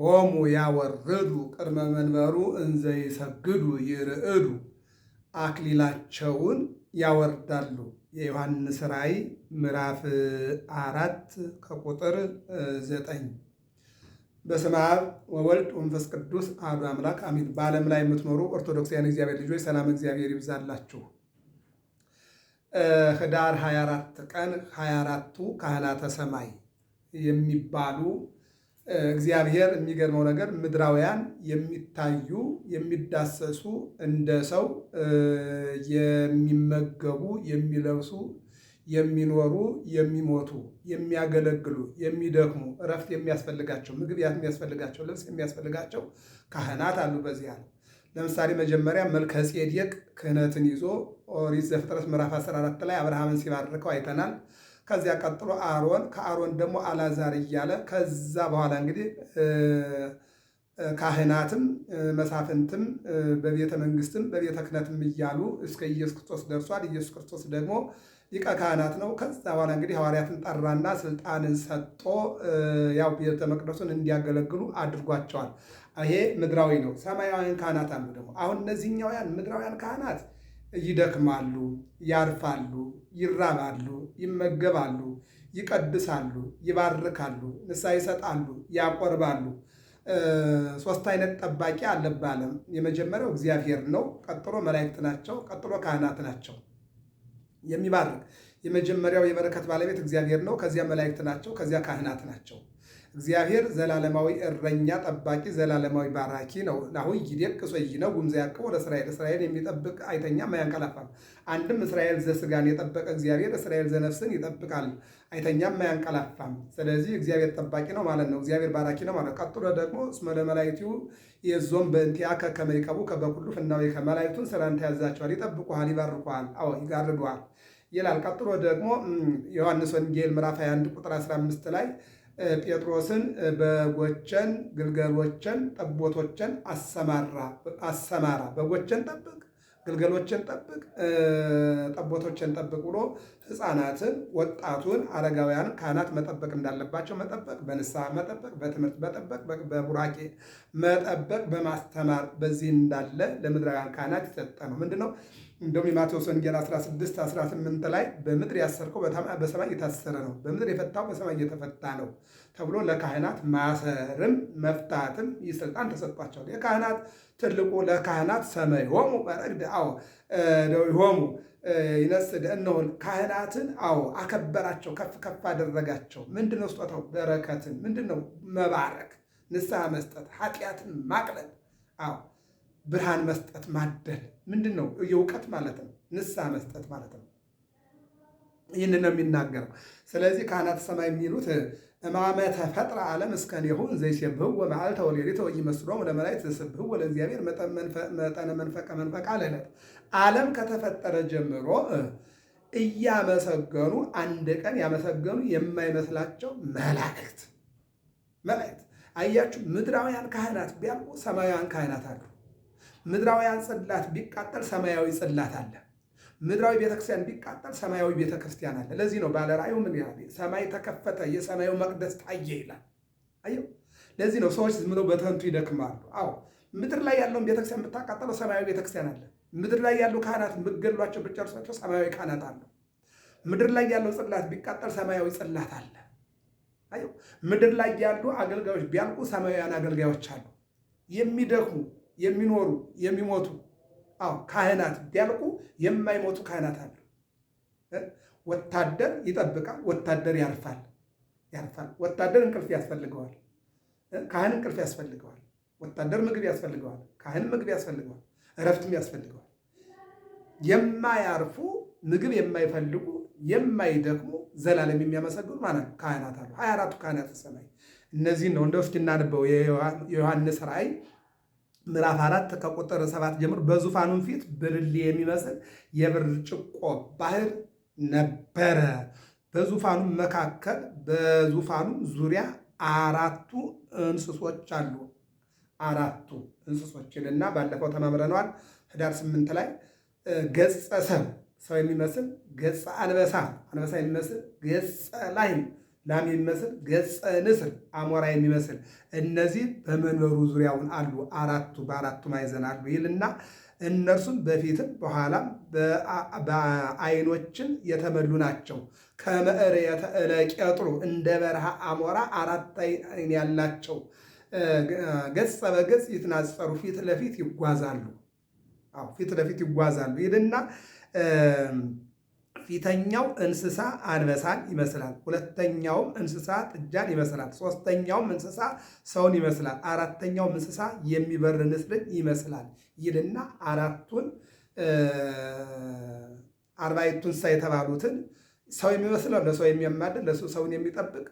ሆሙ ያወርዱ ቅድመ መንበሩ እንዘ ይሰግዱ ይርዕዱ አክሊላቸውን ያወርዳሉ። የዮሐንስ ራእይ ምዕራፍ አራት ከቁጥር ዘጠኝ በስመ አብ ወወልድ ወመንፈስ ቅዱስ አሐዱ አምላክ አሚን። በዓለም ላይ የምትኖሩ ኦርቶዶክሳውያን እግዚአብሔር ልጆች ሰላም እግዚአብሔር ይብዛላችሁ። ህዳር 24 ቀን 24ቱ ካህናተ ሰማይ የሚባሉ እግዚአብሔር የሚገርመው ነገር ምድራውያን የሚታዩ የሚዳሰሱ እንደ ሰው የሚመገቡ የሚለብሱ የሚኖሩ የሚሞቱ የሚያገለግሉ የሚደክሙ እረፍት የሚያስፈልጋቸው ምግብ የሚያስፈልጋቸው ልብስ የሚያስፈልጋቸው ካህናት አሉ። በዚህ ዓለም ለምሳሌ መጀመሪያ መልከ ጼዴቅ ክህነትን ይዞ ኦሪት ዘፍጥረት ምዕራፍ 14 ላይ አብርሃምን ሲባርከው አይተናል። ከዚያ ቀጥሎ አሮን ከአሮን ደግሞ አላዛር እያለ ከዛ በኋላ እንግዲህ ካህናትም መሳፍንትም በቤተ መንግስትም በቤተ ክህነትም እያሉ እስከ ኢየሱስ ክርስቶስ ደርሷል። ኢየሱስ ክርስቶስ ደግሞ ሊቀ ካህናት ነው። ከዛ በኋላ እንግዲህ ሐዋርያትን ጠራና ስልጣንን ሰጥቶ ያው ቤተ መቅደሱን እንዲያገለግሉ አድርጓቸዋል። ይሄ ምድራዊ ነው። ሰማያውያን ካህናት አሉ ደግሞ አሁን እነዚህኛውያን ምድራውያን ካህናት ይደክማሉ፣ ያርፋሉ፣ ይራባሉ፣ ይመገባሉ፣ ይቀድሳሉ፣ ይባርካሉ፣ ንሳ ይሰጣሉ፣ ያቆርባሉ። ሶስት አይነት ጠባቂ አለ በዓለም። የመጀመሪያው እግዚአብሔር ነው። ቀጥሎ መላእክት ናቸው። ቀጥሎ ካህናት ናቸው። የሚባርክ የመጀመሪያው የበረከት ባለቤት እግዚአብሔር ነው። ከዚያ መላእክት ናቸው። ከዚያ ካህናት ናቸው። እግዚአብሔር ዘላለማዊ እረኛ ጠባቂ፣ ዘላለማዊ ባራኪ ነው። አሁን ይደቅ ሶይ ነው ጉምዘ ያቀው ወደ እስራኤል እስራኤል የሚጠብቅ አይተኛ ማያንቀላፋም። አንድም እስራኤል ዘስጋን የጠበቀ እግዚአብሔር እስራኤል ዘነፍስን ይጠብቃል አይተኛም ማያንቀላፋም። ስለዚህ እግዚአብሔር ጠባቂ ነው ማለት ነው። እግዚአብሔር ባራኪ ነው ማለት ቀጥሎ ደግሞ እስመ ለመላእክቱ የዞም በእንቲያ ከከመይቀቡ ከበኩሉ ፍናዊ ከመላእክቱን ስራን ተያዛቸዋል፣ ይጠብቁሃል፣ ይባርኩሃል፣ አዎ ይጋርዱሃል ይላል። ቀጥሎ ደግሞ ዮሐንስ ወንጌል ምዕራፍ 21 ቁጥር 15 ላይ ጴጥሮስን በጎችን፣ ግልገሎችን፣ ጠቦቶችን አሰማራ። በጎችን ጠብቅ፣ ግልገሎችን ጠብቅ፣ ጠቦቶችን ጠብቅ ብሎ ሕፃናትን፣ ወጣቱን፣ አረጋውያን ካህናት መጠበቅ እንዳለባቸው መጠበቅ፣ በንስሐ መጠበቅ፣ በትምህርት መጠበቅ፣ በቡራኬ መጠበቅ፣ በማስተማር በዚህ እንዳለ ለምድራውያን ካህናት የሰጠ ነው ምንድን ነው? እንደውም የማቴዎስ ወንጌል 16 18 ላይ በምድር ያሰርከው በሰማይ የታሰረ ነው፣ በምድር የፈታው በሰማይ የተፈታ ነው ተብሎ ለካህናት ማሰርም መፍታትም ይህ ስልጣን ተሰጥቷቸዋል። የካህናት ትልቁ ለካህናት ሰመይ ሆሙ በረግድ አዎ ሆሙ ይነስድ እነሆን ካህናትን አዎ አከበራቸው፣ ከፍ ከፍ አደረጋቸው። ምንድነው ስጦታው? በረከትን ምንድነው? መባረክ፣ ንስሐ መስጠት፣ ኃጢአትን ማቅለል አዎ ብርሃን መስጠት ማደል ምንድን ነው? የእውቀት ማለት ነው። ንስሐ መስጠት ማለት ነው። ይህን ነው የሚናገረው። ስለዚህ ካህናተ ሰማይ የሚሉት እማመ ተፈጥረ ዓለም እስከን እስከኔሁ ዘይሴብህዎ መዓልተ ወሌሊተ ወኢይመስሎሙ ለመላእክት ዘይሴብህዎ ለእግዚአብሔር መጠነ መንፈቀ መንፈቃ ለዕለት ዓለም ከተፈጠረ ጀምሮ እያመሰገኑ አንድ ቀን ያመሰገኑ የማይመስላቸው መላእክት መላእክት አያችሁ፣ ምድራውያን ካህናት ቢያልቁ ሰማያውያን ካህናት አሉ። ምድራውያን ጽላት ቢቃጠል ሰማያዊ ጽላት አለ። ምድራዊ ቤተክርስቲያን ቢቃጠል ሰማያዊ ቤተክርስቲያን አለ። ለዚህ ነው ባለ ራእዩ ምን ይላል? ሰማይ ተከፈተ፣ የሰማዩ መቅደስ ታየ ይላል። አየው። ለዚህ ነው ሰዎች ዝም ብለው በተንቱ ይደክማሉ። አዎ ምድር ላይ ያለውን ቤተክርስቲያን የምታቃጠለው ሰማያዊ ቤተክርስቲያን አለ። ምድር ላይ ያሉ ካህናት የምትገድሏቸው ብጨርሷቸው ሰማያዊ ካህናት አለ። ምድር ላይ ያለው ጽላት ቢቃጠል ሰማያዊ ጽላት አለ። አየው። ምድር ላይ ያሉ አገልጋዮች ቢያልቁ ሰማያዊያን አገልጋዮች አሉ የሚደክሙ የሚኖሩ የሚሞቱ አዎ ካህናት ቢያልቁ የማይሞቱ ካህናት አሉ። ወታደር ይጠብቃል፣ ወታደር ያርፋል ያርፋል። ወታደር እንቅልፍ ያስፈልገዋል፣ ካህን እንቅልፍ ያስፈልገዋል። ወታደር ምግብ ያስፈልገዋል፣ ካህን ምግብ ያስፈልገዋል፣ እረፍትም ያስፈልገዋል። የማያርፉ ምግብ የማይፈልጉ የማይደክሙ ዘላለም የሚያመሰግኑ ማለት ነው ካህናት አሉ። ሀያ አራቱ ካህናት ሰማይ እነዚህ ነው እንደ እስኪ እናንበው የዮሐንስ ራእይ ምዕራፍ አራት ከቁጥር ሰባት ጀምሮ በዙፋኑም ፊት ብርሌ የሚመስል የብርጭቆ ባህር ነበረ። በዙፋኑ መካከል በዙፋኑ ዙሪያ አራቱ እንስሶች አሉ። አራቱ እንስሶችን እና ባለፈው ተማምረነዋል። ህዳር ስምንት ላይ ገጸ ሰብ ሰው የሚመስል ገጸ አንበሳ አንበሳ የሚመስል ገጸ ላይም ላም የሚመስል ገጸ ንስር አሞራ የሚመስል እነዚህ በመንበሩ ዙሪያውን አሉ። አራቱ በአራቱ ማዕዘን አሉ ይልና እነርሱም በፊትም በኋላም በዓይኖችን የተመሉ ናቸው። ከመዕር የተለቄጥሩ እንደ በረሃ አሞራ አራት ዓይን ያላቸው ገጽ በገጽ ይትናጸሩ ፊት ለፊት ይጓዛሉ። ፊት ለፊት ይጓዛሉ ይልና ፊተኛው እንስሳ አንበሳን ይመስላል። ሁለተኛውም እንስሳ ጥጃን ይመስላል። ሶስተኛውም እንስሳ ሰውን ይመስላል። አራተኛውም እንስሳ የሚበር ንስርን ይመስላል ይልና አራቱን አርባዕቱ እንስሳ የተባሉትን ሰው የሚመስለው ለሰው የሚያማልድ ለሱ ሰውን የሚጠብቅ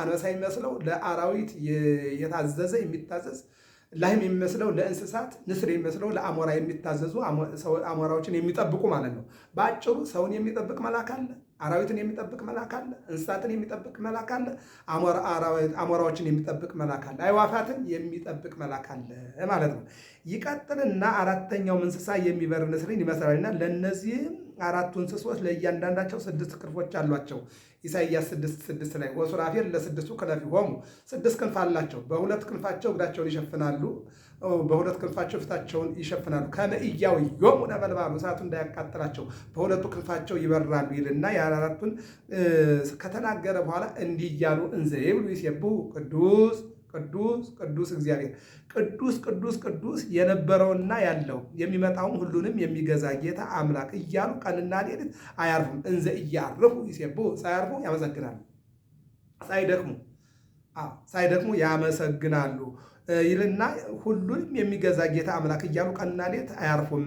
አንበሳ የሚመስለው ለአራዊት የታዘዘ የሚታዘዝ ላህም የሚመስለው ለእንስሳት፣ ንስር የሚመስለው ለአሞራ የሚታዘዙ አሞራዎችን የሚጠብቁ ማለት ነው። በአጭሩ ሰውን የሚጠብቅ መልአክ አለ፣ አራዊትን የሚጠብቅ መልአክ አለ፣ እንስሳትን የሚጠብቅ መልአክ አለ፣ አሞራዎችን የሚጠብቅ መልአክ አለ፣ አይዋፋትን የሚጠብቅ መልአክ አለ ማለት ነው። ይቀጥልና አራተኛውም እንስሳ የሚበር ንስርን ይመስላልና ለእነዚህም አራቱ እንስሶች ለእያንዳንዳቸው ስድስት ክንፎች አሏቸው። ኢሳይያስ ስድስት ስድስት ላይ ወሱራፌል ለስድስቱ ክነፊሆሙ ስድስት ክንፍ አላቸው። በሁለት ክንፋቸው እግራቸውን ይሸፍናሉ፣ በሁለት ክንፋቸው ፊታቸውን ይሸፍናሉ። ከመእያው ዮሙ ነበልባሉ እሳቱ እንዳያቃጥላቸው በሁለቱ ክንፋቸው ይበራሉ ይልና የአራቱን ከተናገረ በኋላ እንዲያሉ እንዘ ይብሉ ይሴብሑ ቅዱስ ቅዱስ ቅዱስ እግዚአብሔር ቅዱስ ቅዱስ ቅዱስ የነበረውና ያለው የሚመጣውም ሁሉንም የሚገዛ ጌታ አምላክ እያሉ ቀንና ሌሊት አያርፉም። እንዘ እያርፉ ይሴብሑ ሳያርፉ ያመሰግናሉ፣ ሳይደክሙ ሳይደክሙ ያመሰግናሉ። ይልና ሁሉንም የሚገዛ ጌታ አምላክ እያሉ ቀንና ሌት አያርፉም።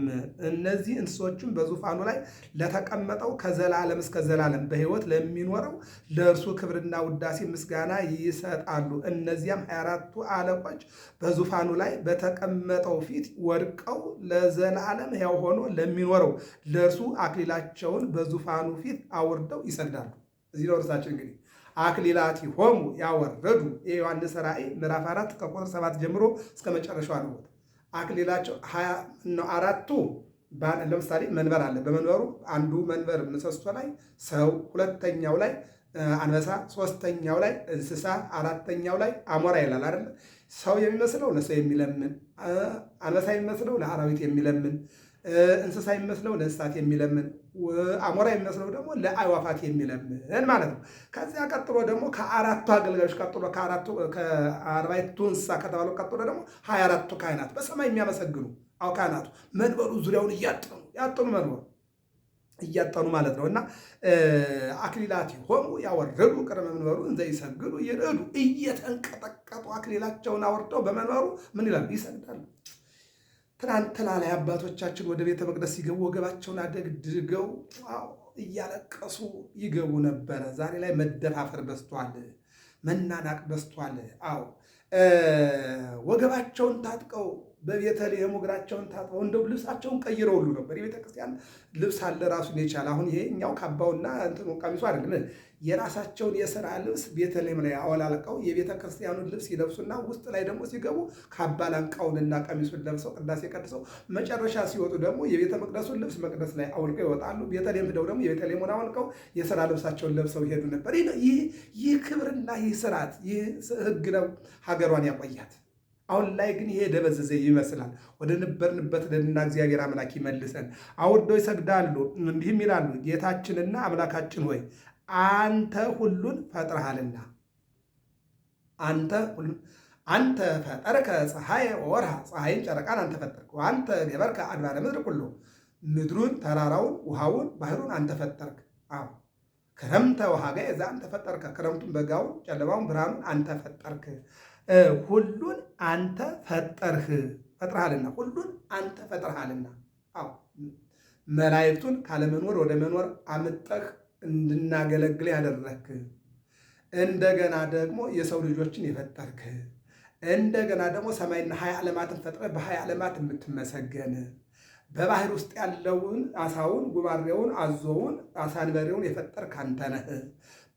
እነዚህ እንስሶችም በዙፋኑ ላይ ለተቀመጠው ከዘላለም እስከ ዘላለም በሕይወት ለሚኖረው ለእርሱ ክብርና ውዳሴ ምስጋና ይሰጣሉ። እነዚያም 24ቱ አለቆች በዙፋኑ ላይ በተቀመጠው ፊት ወድቀው ለዘላለም ያው ሆኖ ለሚኖረው ለእርሱ አክሊላቸውን በዙፋኑ ፊት አውርደው ይሰግዳሉ። እዚህ ነው እርሳችን እንግዲህ አክሊላት ሆሙ ያወረዱ የዮሐንስ ራእይ ምዕራፍ አራት ከቁጥር ሰባት ጀምሮ እስከ መጨረሻው አልቦት አክሊላቸው አራቱ ለምሳሌ መንበር አለ። በመንበሩ አንዱ መንበር ምሰሶ ላይ ሰው፣ ሁለተኛው ላይ አንበሳ፣ ሶስተኛው ላይ እንስሳ፣ አራተኛው ላይ አሞራ ይላል አይደል? ሰው የሚመስለው ለሰው የሚለምን፣ አንበሳ የሚመስለው ለአራዊት የሚለምን እንስሳ የሚመስለው ለእንስሳት የሚለምን፣ አሞራ የሚመስለው ደግሞ ለአዕዋፋት የሚለምን ማለት ነው። ከዚያ ቀጥሎ ደግሞ ከአራቱ አገልጋዮች ቀጥሎ ከአርባዕቱ እንስሳ ከተባለው ቀጥሎ ደግሞ ሀያ አራቱ ካህናት በሰማይ የሚያመሰግኑ አው ካህናቱ መንበሩ ዙሪያውን እያጠኑ ያጠኑ መንበሩ እያጠኑ ማለት ነው እና አክሊላት አክሊላቲሆሙ ያወረዱ ቅድመ መንበሩ እንዘ ይሰግዱ ይርዱ እየተንቀጠቀጡ አክሊላቸውን አወርደው በመንበሩ ምን ይላሉ? ይሰግዳሉ። ትናንትና ላይ አባቶቻችን ወደ ቤተ መቅደስ ሲገቡ ወገባቸውን አደግድገው እያለቀሱ ይገቡ ነበረ። ዛሬ ላይ መደፋፈር በዝቷል፣ መናናቅ በዝቷል። አዎ ወገባቸውን ታጥቀው በቤተልሔም እግራቸውን ታጥበው እንደው ልብሳቸውን ቀይረው ሁሉ ነበር። የቤተክርስቲያን ልብስ አለ ራሱን የቻለ አሁን ይሄ እኛው ካባውና እንትኑ ቀሚሱ አይደለም የራሳቸውን የስራ ልብስ ቤተልሔም ላይ አወላልቀው የቤተ ክርስቲያኑን ልብስ ይለብሱና ውስጥ ላይ ደግሞ ሲገቡ ካባ ላንቃውንና ቀሚሱን ለብሰው ቅዳሴ ቀድሰው መጨረሻ ሲወጡ ደግሞ የቤተ መቅደሱን ልብስ መቅደስ ላይ አውልቀው ይወጣሉ። ቤተልሔም ሄደው ደግሞ የቤተልሔሙን አውልቀው የስራ ልብሳቸውን ለብሰው ይሄዱ ነበር። ይህ ክብርና ይህ ስርዓት ይህ ህግ ነው ሀገሯን ያቆያት። አሁን ላይ ግን ይሄ ደበዘዘ ይመስላል። ወደ ነበርንበት ደንና እግዚአብሔር አምላክ ይመልሰን። አውርደው ይሰግዳሉ፣ እንዲህም ይላሉ፦ ጌታችንና አምላካችን ሆይ አንተ ሁሉን ፈጥረሃልና አንተ አንተ ፈጠርከ ፀሐይ ወርሃ ፀሐይን ጨረቃን አንተ ፈጠርክ። አንተ ገበርከ አድባረ ምድር ሁሉ ምድሩን፣ ተራራውን፣ ውሃውን፣ ባህሩን አንተ ፈጠርክ። አዎ ክረምተ ጋ እዛ አንተ ፈጠርከ። ክረምቱን፣ በጋውን፣ ጨለማውን፣ ብርሃኑን አንተ ፈጠርክ። ሁሉን አንተ ፈጠርህ ፈጥረሃልና ሁሉን አንተ ፈጥረሃልና። አዎ መላእክቱን ካለመኖር ወደ መኖር አምጠህ እንድናገለግል ያደረክ እንደገና ደግሞ የሰው ልጆችን የፈጠርክ እንደገና ደግሞ ሰማይና ሀያ ዓለማትን ፈጥረ በሀያ ዓለማት የምትመሰገን በባህር ውስጥ ያለውን አሳውን፣ ጉባሬውን፣ አዞውን፣ አሳንበሬውን የፈጠርክ አንተ ነህ።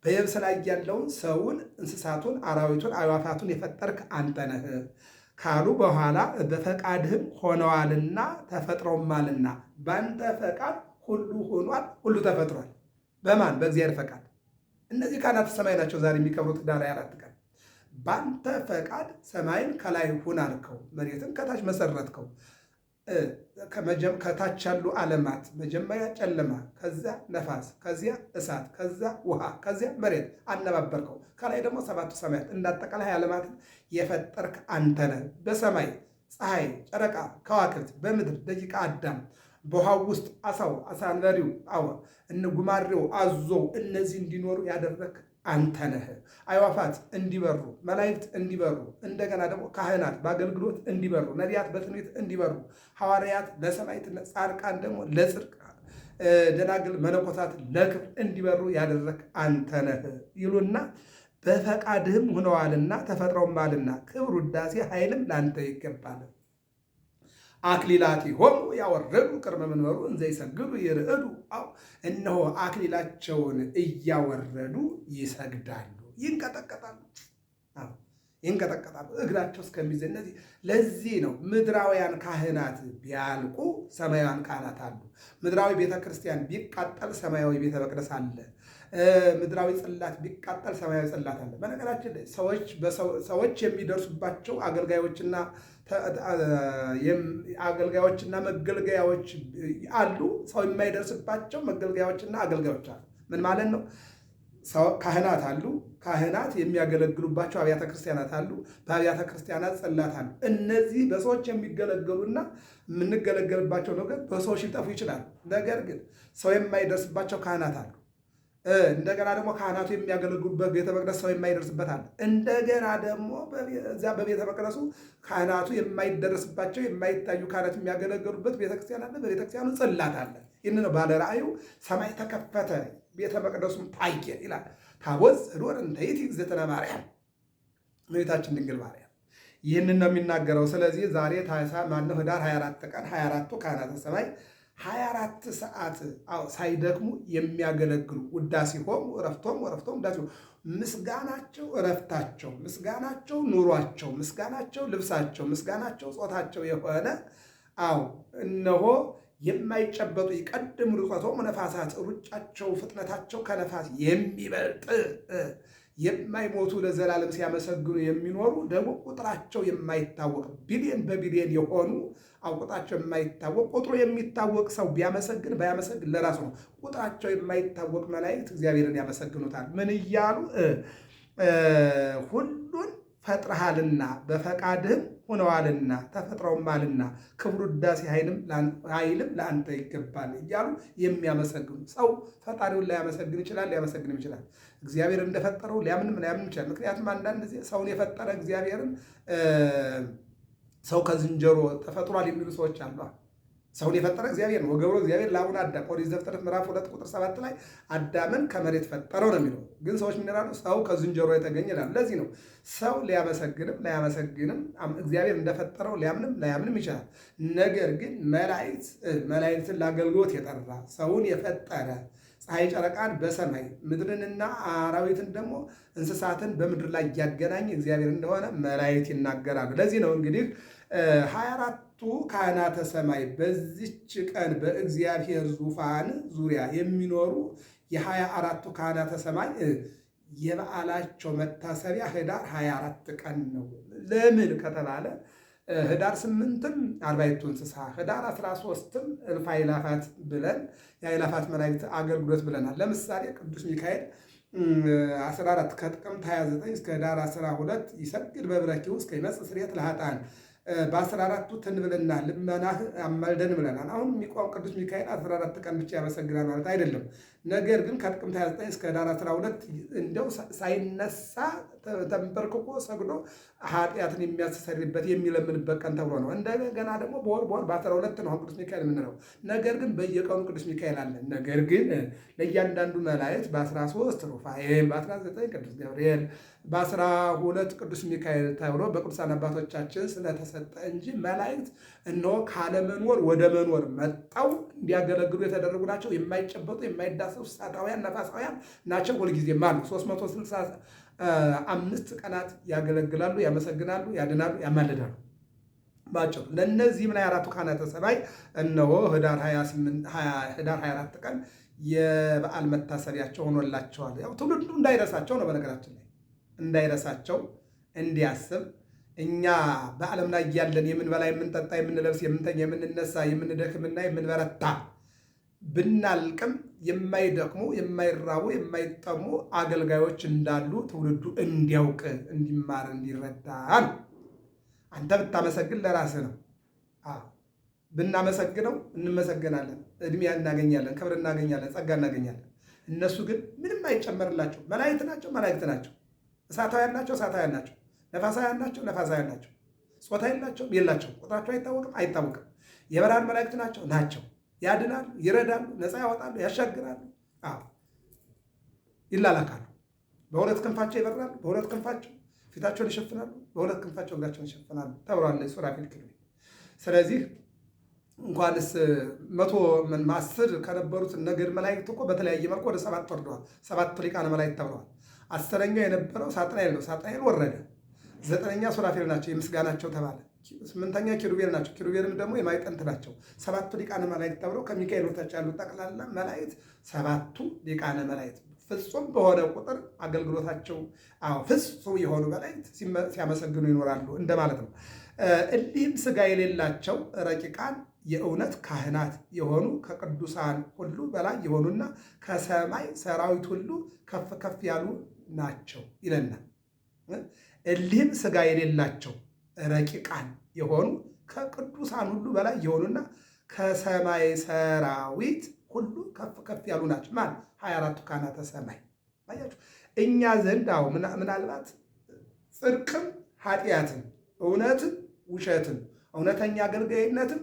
በየብስ ላይ ያለውን ሰውን፣ እንስሳቱን፣ አራዊቱን፣ አዕዋፋቱን የፈጠርክ አንተ ነህ ካሉ በኋላ በፈቃድህም ሆነዋልና ተፈጥረውማልና በአንተ ፈቃድ ሁሉ ሆኗል፣ ሁሉ ተፈጥሯል። በማን በእግዚአብሔር ፈቃድ። እነዚህ ካህናተ ሰማይ ናቸው ዛሬ የሚከብሩት ዳራ አራት ቀን በአንተ ፈቃድ ሰማይን ከላይ ሁን አልከው፣ መሬትን ከታች መሰረትከው። ከታች ያሉ ዓለማት መጀመሪያ ጨለማ፣ ከዚያ ነፋስ፣ ከዚያ እሳት፣ ከዚያ ውሃ፣ ከዚያ መሬት አነባበርከው። ከላይ ደግሞ ሰባቱ ሰማያት እንዳጠቃላይ ዓለማትን የፈጠርክ አንተነ በሰማይ ፀሐይ፣ ጨረቃ፣ ከዋክብት፣ በምድር ደቂቃ አዳም በውሃ ውስጥ አሳው አሳንበሪው አወ እንጉማሬው አዞው እነዚህ እንዲኖሩ ያደረግ አንተ ነህ። አዕዋፋት እንዲበሩ፣ መላእክት እንዲበሩ፣ እንደገና ደግሞ ካህናት በአገልግሎት እንዲበሩ፣ ነቢያት በትንቢት እንዲበሩ፣ ሐዋርያት ለሰማዕትነት፣ ጻድቃን ደግሞ ለጽድቅ፣ ደናግል መነኮሳት ለክብር እንዲበሩ ያደረግ አንተ ነህ ይሉና በፈቃድህም ሆነዋልና ተፈጥረውማልና ክብር ውዳሴ ኃይልም ለአንተ ይገባል። አክሊላቲሆሙ ያወርዱ ቅድመ መንበሩ እንዘ ይሰግዱ ይርዕዱ። አዎ እነሆ አክሊላቸውን እያወረዱ ይሰግዳሉ፣ ይንቀጠቀጣሉ፣ ይንቀጠቀጣሉ እግራቸው እስከሚዘ እነዚህ ለዚህ ነው ምድራውያን ካህናት ቢያልቁ ሰማያውያን ካህናት አሉ። ምድራዊ ቤተክርስቲያን ቢቃጠል ሰማያዊ ቤተ መቅደስ አለ። ምድራዊ ጽላት ቢቃጠል ሰማያዊ ጽላት አለ። በነገራችን ላይ ሰዎች የሚደርሱባቸው አገልጋዮችና አገልጋዮችና መገልገያዎች አሉ። ሰው የማይደርስባቸው መገልገያዎችና አገልጋዮች አሉ። ምን ማለት ነው? ካህናት አሉ። ካህናት የሚያገለግሉባቸው አብያተ ክርስቲያናት አሉ። በአብያተ ክርስቲያናት ጽላት አሉ። እነዚህ በሰዎች የሚገለገሉና የምንገለገልባቸው ነገር በሰዎች ሊጠፉ ይችላል። ነገር ግን ሰው የማይደርስባቸው ካህናት አሉ። እንደገና ደግሞ ካህናቱ የሚያገለግሉበት ቤተ መቅደስ ሰው የማይደርስበት አለ። እንደገና ደግሞ እዚያ በቤተ መቅደሱ ካህናቱ የማይደረስባቸው የማይታዩ ካህናት የሚያገለግሉበት ቤተክርስቲያን አለ። በቤተክርስቲያኑ ጽላት አለ። ይህን ነው ባለ ራእዩ ሰማይ ተከፈተ፣ ቤተ መቅደሱም ታየ ይላል። ታቦት ዶር እንተይት ዘተነ ማርያም እመቤታችን ድንግል ማርያም ይህንን ነው የሚናገረው። ስለዚህ ዛሬ ታሳ ማነው ህዳር 24 ቀን 24ቱ ካህናተ ሰማይ 24 ሰዓት ሳይደክሙ የሚያገለግሉ ውዳሴ ሆም እረፍቶም እረፍቶም ውዳሴ ምስጋናቸው እረፍታቸው፣ ምስጋናቸው ኑሯቸው፣ ምስጋናቸው ልብሳቸው፣ ምስጋናቸው ጾታቸው የሆነ አው እነሆ የማይጨበጡ ይቀድም ርቆቶም ነፋሳት ሩጫቸው ፍጥነታቸው ከነፋስ የሚበልጥ የማይሞቱ ለዘላለም ሲያመሰግኑ የሚኖሩ ደግሞ ቁጥራቸው የማይታወቅ ቢሊየን በቢሊየን የሆኑ ቁጥራቸው የማይታወቅ ቁጥሩ የሚታወቅ ሰው ቢያመሰግን ባያመሰግን ለራሱ ነው። ቁጥራቸው የማይታወቅ መላእክት እግዚአብሔርን ያመሰግኑታል። ምን እያሉ ሁሉን ፈጥረሃልና በፈቃድህም ሆነዋልና ተፈጥረውማልና ክብሩ ዳሴ ኃይልም ለአንተ ይገባል እያሉ የሚያመሰግኑ ሰው ፈጣሪውን ላያመሰግን ይችላል፣ ሊያመሰግንም ይችላል። እግዚአብሔር እንደፈጠረው ሊያምንም ላያምንም ይችላል። ምክንያቱም አንዳንድ ጊዜ ሰውን የፈጠረ እግዚአብሔርን ሰው ከዝንጀሮ ተፈጥሯል የሚሉ ሰዎች አሉ። ሰውን የፈጠረ እግዚአብሔር ነው። ወገብሮ እግዚአብሔር ለአቡነ አዳም ኦሪት ዘፍጥረት ምዕራፍ ሁለት ቁጥር ሰባት ላይ አዳምን ከመሬት ፈጠረው ነው የሚለው። ግን ሰዎች ምን ይላሉ? ሰው ከዝንጀሮ የተገኘ ይላሉ። ለዚህ ነው ሰው ሊያመሰግንም ላያመሰግንም እግዚአብሔር እንደፈጠረው ሊያምንም ላያምንም ይችላል። ነገር ግን መላእክት መላእክትን ለአገልግሎት የጠራ ሰውን የፈጠረ ፀሐይ ጨረቃን በሰማይ ምድርንና አራዊትን ደግሞ እንስሳትን በምድር ላይ እያገናኘ እግዚአብሔር እንደሆነ መላእክት ይናገራሉ። ለዚህ ነው እንግዲህ ሀያ ቱ ካህናተ ሰማይ በዚች ቀን በእግዚአብሔር ዙፋን ዙሪያ የሚኖሩ የሀያ አራቱ ካህናተ ሰማይ የበዓላቸው መታሰቢያ ህዳር 24 ቀን ነው። ለምን ከተባለ ህዳር ስምንትም አርባዕቱ እንስሳ ህዳር 13ም እልፍ አእላፋት ብለን የአእላፋት መላእክት አገልግሎት ብለናል። ለምሳሌ ቅዱስ ሚካኤል 14 ከጥቅምት 29 እስከ ህዳር 12 ይሰግድ በብረኪው እስከ ይመጽእ ስርየት ለኃጥአን በአስራ አራቱ ትንብልና ልመናህ አመልደን ብለናል። አሁን የሚቆም ቅዱስ ሚካኤል አስራ አራት ቀን ብቻ ያመሰግናል ማለት አይደለም። ነገር ግን ከጥቅምት 29 እስከ ዳር 12 እንደው ሳይነሳ ተንበርክኮ ሰግዶ ኃጢአትን የሚያስተሰርይበት የሚለምንበት ቀን ተብሎ ነው። እንደገና ደግሞ በወር በወር በ12 ነው ቅዱስ ሚካኤል የምንለው። ነገር ግን በየቀኑ ቅዱስ ሚካኤል አለ። ነገር ግን ለእያንዳንዱ መላእክት በ13 ሩፋኤል፣ በ19 ቅዱስ ገብርኤል፣ በ12 ቅዱስ ሚካኤል ተብሎ በቅዱሳን አባቶቻችን ስለተሰጠ እንጂ መላእክት እነሆ ካለመኖር ወደ መኖር መጣው እንዲያገለግሉ የተደረጉ ናቸው። የማይጨበጡ የማይዳ ሰው ጻድቃውያን ነፋሳውያን ናቸው። ሁልጊዜም አሉ። 365 ቀናት ያገለግላሉ፣ ያመሰግናሉ፣ ያድናሉ፣ ያማልዳሉ። ባቸው ለእነዚህም ምን አራቱ ካህናተ ሰማይ እነሆ ህዳር 24 ቀን የበዓል መታሰቢያቸው ሆኖላቸዋል። ያው ትውልዱ እንዳይረሳቸው ነው። በነገራችን ላይ እንዳይረሳቸው እንዲያስብ እኛ በዓለም ላይ ያለን የምንበላ፣ የምንጠጣ፣ የምንለብስ፣ የምንተኛ፣ የምንነሳ፣ የምንደክምና የምንበረታ ብናልቅም የማይደክሙ የማይራቡ የማይጠሙ አገልጋዮች እንዳሉ ትውልዱ እንዲያውቅ እንዲማር እንዲረዳ አንተ ብታመሰግን ለራስህ ነው። ብናመሰግነው እንመሰገናለን፣ እድሜ እናገኛለን፣ ክብር እናገኛለን፣ ጸጋ እናገኛለን። እነሱ ግን ምንም አይጨመርላቸው። መላእክት ናቸው፣ መላእክት ናቸው። እሳታውያን ናቸው፣ እሳታውያን ናቸው። ነፋሳውያን ናቸው፣ ነፋሳውያን ናቸው። ጾታ የላቸውም፣ የላቸውም። ቁጥራቸው አይታወቅም፣ አይታወቅም። የብርሃን መላእክት ናቸው፣ ናቸው ያድናሉ፣ ይረዳሉ፣ ነፃ ያወጣሉ፣ ያሻግራሉ፣ ይላላካሉ። በሁለት ክንፋቸው ይበራሉ፣ በሁለት ክንፋቸው ፊታቸውን ይሸፍናሉ፣ በሁለት ክንፋቸው እግራቸውን ይሸፍናሉ ተብሏል ሱራፊል ኪሩቤል። ስለዚህ እንኳንስ መቶ አስር ከነበሩት ነገድ መላእክት እኮ በተለያየ መልኩ ወደ ሰባት ወርደዋል። ሰባት ሊቃነ መላእክት ተብለዋል። አስረኛው የነበረው ሳጥናኤል ነው። ሳጥናኤል ወረደ። ዘጠነኛ ሱራፌል ናቸው። የምስጋናቸው ተባለ። ስምንተኛ ኪሩቤል ናቸው። ኪሩቤልም ደግሞ የማይጠንት ናቸው። ሰባቱ ሊቃነ መላእክት ተብለው ከሚካኤል በታች ያሉ ጠቅላላ መላእክት ሰባቱ ሊቃነ መላእክት ፍጹም በሆነ ቁጥር አገልግሎታቸው ፍጹም የሆኑ መላእክት ሲያመሰግኑ ይኖራሉ እንደማለት ነው። እዲህም ስጋ የሌላቸው ረቂቃን የእውነት ካህናት የሆኑ ከቅዱሳን ሁሉ በላይ የሆኑና ከሰማይ ሰራዊት ሁሉ ከፍ ከፍ ያሉ ናቸው ይለናል። እሊህም ስጋ የሌላቸው ረቂቃን የሆኑ ከቅዱሳን ሁሉ በላይ የሆኑና ከሰማይ ሰራዊት ሁሉ ከፍ ከፍ ያሉ ናቸው። ማለት ሀያ አራቱ ካህናተ ሰማይ አያችሁ። እኛ ዘንድ አሁ ምናልባት ጽድቅም ኃጢአትም እውነትም ውሸትም እውነተኛ አገልጋይነትም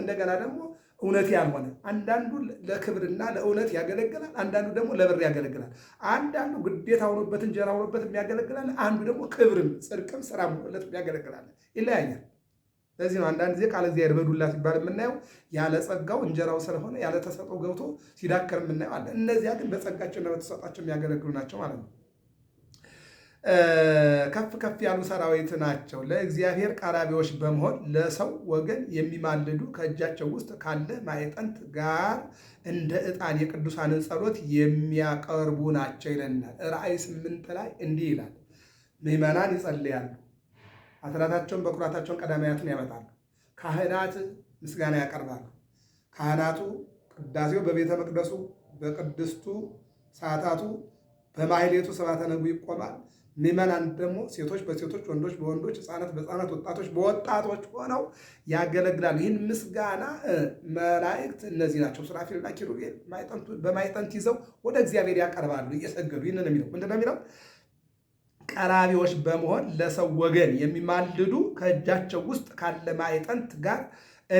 እንደገና ደግሞ እውነት ያልሆነ አንዳንዱ ለክብርና ለእውነት ያገለግላል፣ አንዳንዱ ደግሞ ለብር ያገለግላል። አንዳንዱ ግዴታ ሆኖበት እንጀራ ሆኖበት የሚያገለግላል፣ አንዱ ደግሞ ክብርም ጽድቅም ስራ ሆኖለት የሚያገለግላል። ይለያያል። ለዚህ ነው አንዳንድ ጊዜ ቃለ እግዚአብሔር በዱላ ሲባል የምናየው ያለ ጸጋው እንጀራው ስለሆነ ያለ ተሰጠው ገብቶ ሲዳከር የምናየው አለ። እነዚያ ግን በጸጋቸውና በተሰጣቸው የሚያገለግሉ ናቸው ማለት ነው። ከፍ ከፍ ያሉ ሰራዊት ናቸው። ለእግዚአብሔር ቀራቢዎች በመሆን ለሰው ወገን የሚማልዱ ከእጃቸው ውስጥ ካለ ማዕጠንት ጋር እንደ ዕጣን የቅዱሳንን ጸሎት የሚያቀርቡ ናቸው ይለናል። ራእይ ስምንት ላይ እንዲህ ይላል፣ ምዕመናን ይጸልያሉ፣ አስራታቸውን በኩራታቸውን ቀዳማያትን ያመጣሉ። ካህናት ምስጋና ያቀርባሉ። ካህናቱ ቅዳሴው በቤተ መቅደሱ በቅድስቱ ሰዓታቱ በማህሌቱ ስብሐተ ነግህ ይቆማል። ምዕመናን ደግሞ ሴቶች በሴቶች ወንዶች በወንዶች ሕፃናት በሕፃናት ወጣቶች በወጣቶች ሆነው ያገለግላሉ። ይህን ምስጋና መላእክት እነዚህ ናቸው ሱራፌልና ኪሩቤል በማይጠንት ይዘው ወደ እግዚአብሔር ያቀርባሉ እየሰገዱ። ይህንን የሚለው ምንድን ነው የሚለው ቀራቢዎች በመሆን ለሰው ወገን የሚማልዱ ከእጃቸው ውስጥ ካለ ማዕጠንት ጋር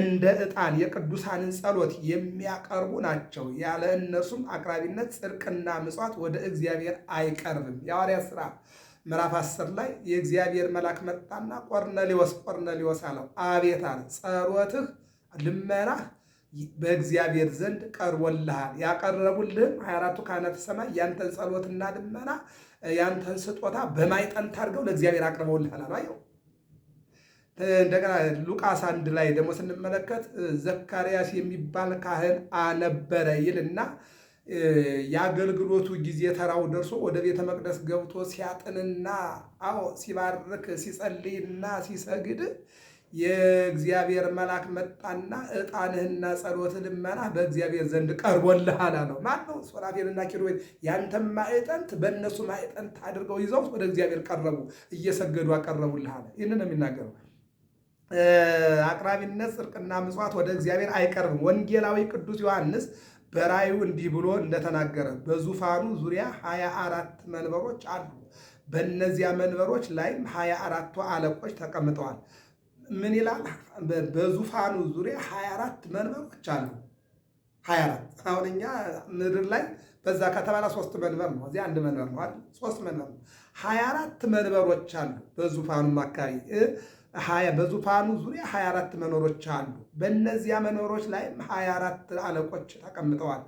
እንደ ዕጣን የቅዱሳንን ጸሎት የሚያቀርቡ ናቸው። ያለ እነሱም አቅራቢነት ጽድቅና ምጽዋት ወደ እግዚአብሔር አይቀርብም። የሐዋርያት ሥራ ምዕራፍ 10 ላይ የእግዚአብሔር መልአክ መጣና ቆርኔሌዎስ ቆርኔሌዎስ አለው። አቤት አለ፣ ጸሎትህ ልመናህ በእግዚአብሔር ዘንድ ቀርቦልሃል። ያቀረቡልህም 24ቱ ካህናተ ሰማይ ያንተን ጸሎትና ልመና ያንተን ስጦታ በማይጠንት አድርገው ለእግዚአብሔር አቅርበውልሃል አለው። እንደገና ሉቃስ አንድ ላይ ደግሞ ስንመለከት ዘካርያስ የሚባል ካህን አነበረ ይልና የአገልግሎቱ ጊዜ ተራው ደርሶ ወደ ቤተ መቅደስ ገብቶ ሲያጥንና አዎ ሲባርክ ሲጸልይና ሲሰግድ የእግዚአብሔር መልአክ መጣና ዕጣንህና ጸሎት ልመና በእግዚአብሔር ዘንድ ቀርቦልሃል አለው። ማን ነው? ሱራፌልና ኪሩቤል ያንተም ማዕጠንት በእነሱ ማዕጠንት አድርገው ይዘው ወደ እግዚአብሔር ቀረቡ፣ እየሰገዱ አቀረቡልሃል። ይህን ነው የሚናገረው። አቅራቢነት፣ ጽድቅና ምጽዋት ወደ እግዚአብሔር አይቀርብም። ወንጌላዊ ቅዱስ ዮሐንስ በራዩ እንዲህ ብሎ እንደተናገረ በዙፋኑ ዙሪያ ሀያ አራት መንበሮች አሉ። በእነዚያ መንበሮች ላይም ሀያ አራቱ አለቆች ተቀምጠዋል። ምን ይላል? በዙፋኑ ዙሪያ ሀያ አራት መንበሮች አሉ። ሀያ አራት አሁን እኛ ምድር ላይ በዛ ከተባለ ሶስት መንበር ነው፣ እዚህ አንድ መንበር ነው አይደል? ሶስት መንበር ነው። ሀያ አራት መንበሮች አሉ በዙፋኑም አካባቢ በዙፋኑ ዙሪያ 24 መኖሮች አሉ። በእነዚያ መኖሮች ላይም 24 አለቆች ተቀምጠዋል።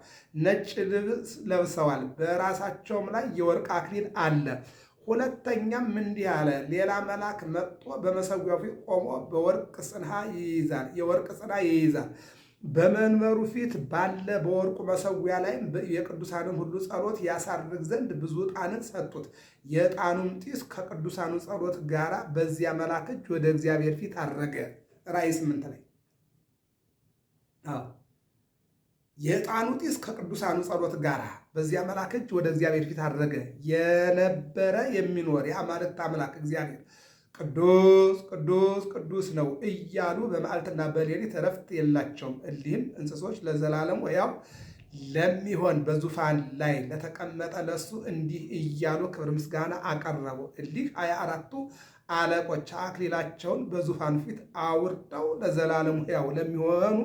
ነጭ ልብስ ለብሰዋል። በራሳቸውም ላይ የወርቅ አክሊል አለ። ሁለተኛም እንዲህ አለ። ሌላ መልአክ መጥቶ በመሰዊያው ፊት ቆሞ በወርቅ ጽና ይይዛል የወርቅ ጽንሐ ይይዛል በመንበሩ ፊት ባለ በወርቁ መሰዊያ ላይ የቅዱሳንን ሁሉ ጸሎት ያሳርግ ዘንድ ብዙ ዕጣንን ሰጡት። የዕጣኑም ጢስ ከቅዱሳኑ ጸሎት ጋር በዚያ መልአክ እጅ ወደ እግዚአብሔር ፊት አረገ። ራእይ ስምንት ላይ የዕጣኑ ጢስ ከቅዱሳኑ ጸሎት ጋር በዚያ መልአክ እጅ ወደ እግዚአብሔር ፊት አረገ። የነበረ የሚኖር የአማልክት አምላክ እግዚአብሔር ቅዱስ ቅዱስ ቅዱስ ነው እያሉ በመዓልትና በሌሊት እረፍት የላቸውም። እሊህም እንስሶች ለዘላለም ያው ለሚሆን በዙፋን ላይ ለተቀመጠ ለሱ እንዲህ እያሉ ክብር ምስጋና አቀረቡ። እሊህ ሃያ አራቱ አለቆች አክሊላቸውን በዙፋን ፊት አውርደው ለዘላለም ያው ለሚሆኑ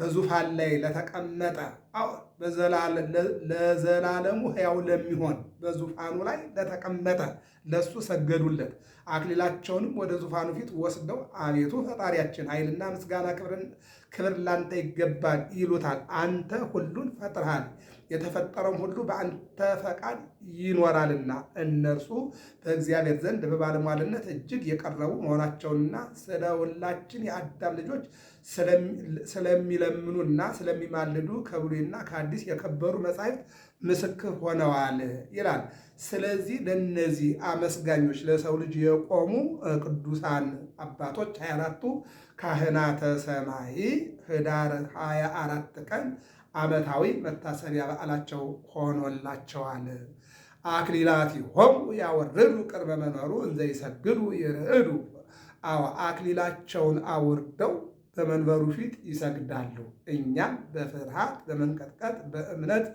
በዙፋን ላይ ለተቀመጠ ለዘላለሙ ያው ለሚሆን በዙፋኑ ላይ ለተቀመጠ ለሱ ሰገዱለት። አክሊላቸውንም ወደ ዙፋኑ ፊት ወስደው አቤቱ ፈጣሪያችን ኃይልና ምስጋና ክብር ላንተ ይገባል ይሉታል። አንተ ሁሉን ፈጥረሃል የተፈጠረውም ሁሉ በአንተ ፈቃድ ይኖራልና እነርሱ በእግዚአብሔር ዘንድ በባለሟልነት እጅግ የቀረቡ መሆናቸውንና ስለ ሁላችን የአዳም ልጆች ስለሚለምኑና ስለሚማልዱ ከብሉይና ከአዲስ የከበሩ መጻሕፍት ምስክር ሆነዋል ይላል። ስለዚህ ለነዚህ አመስጋኞች ለሰው ልጅ የቆሙ ቅዱሳን አባቶች 24ቱ ካህናተ ሰማይ ህዳር 24 ቀን ዓመታዊ መታሰቢያ በዓላቸው ሆኖላቸዋል። አክሊላቲሆሙ ያወርዱ ቅርበ መንበሩ እንዘ ይሰግዱ ይርዕዱ። አዎ አክሊላቸውን አውርደው በመንበሩ ፊት ይሰግዳሉ። እኛም በፍርሃት በመንቀጥቀጥ በእምነት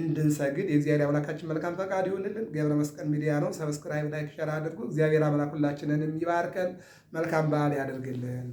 እንድንሰግድ የእግዚአብሔር አምላካችን መልካም ፈቃድ ይሁንልን። ገብረ መስቀል ሚዲያ ነው። ሰብስክራይብ፣ ላይክ፣ ሸር አድርጉ። እግዚአብሔር አምላክ ሁላችንን የሚባርከን መልካም በዓል ያደርግልን።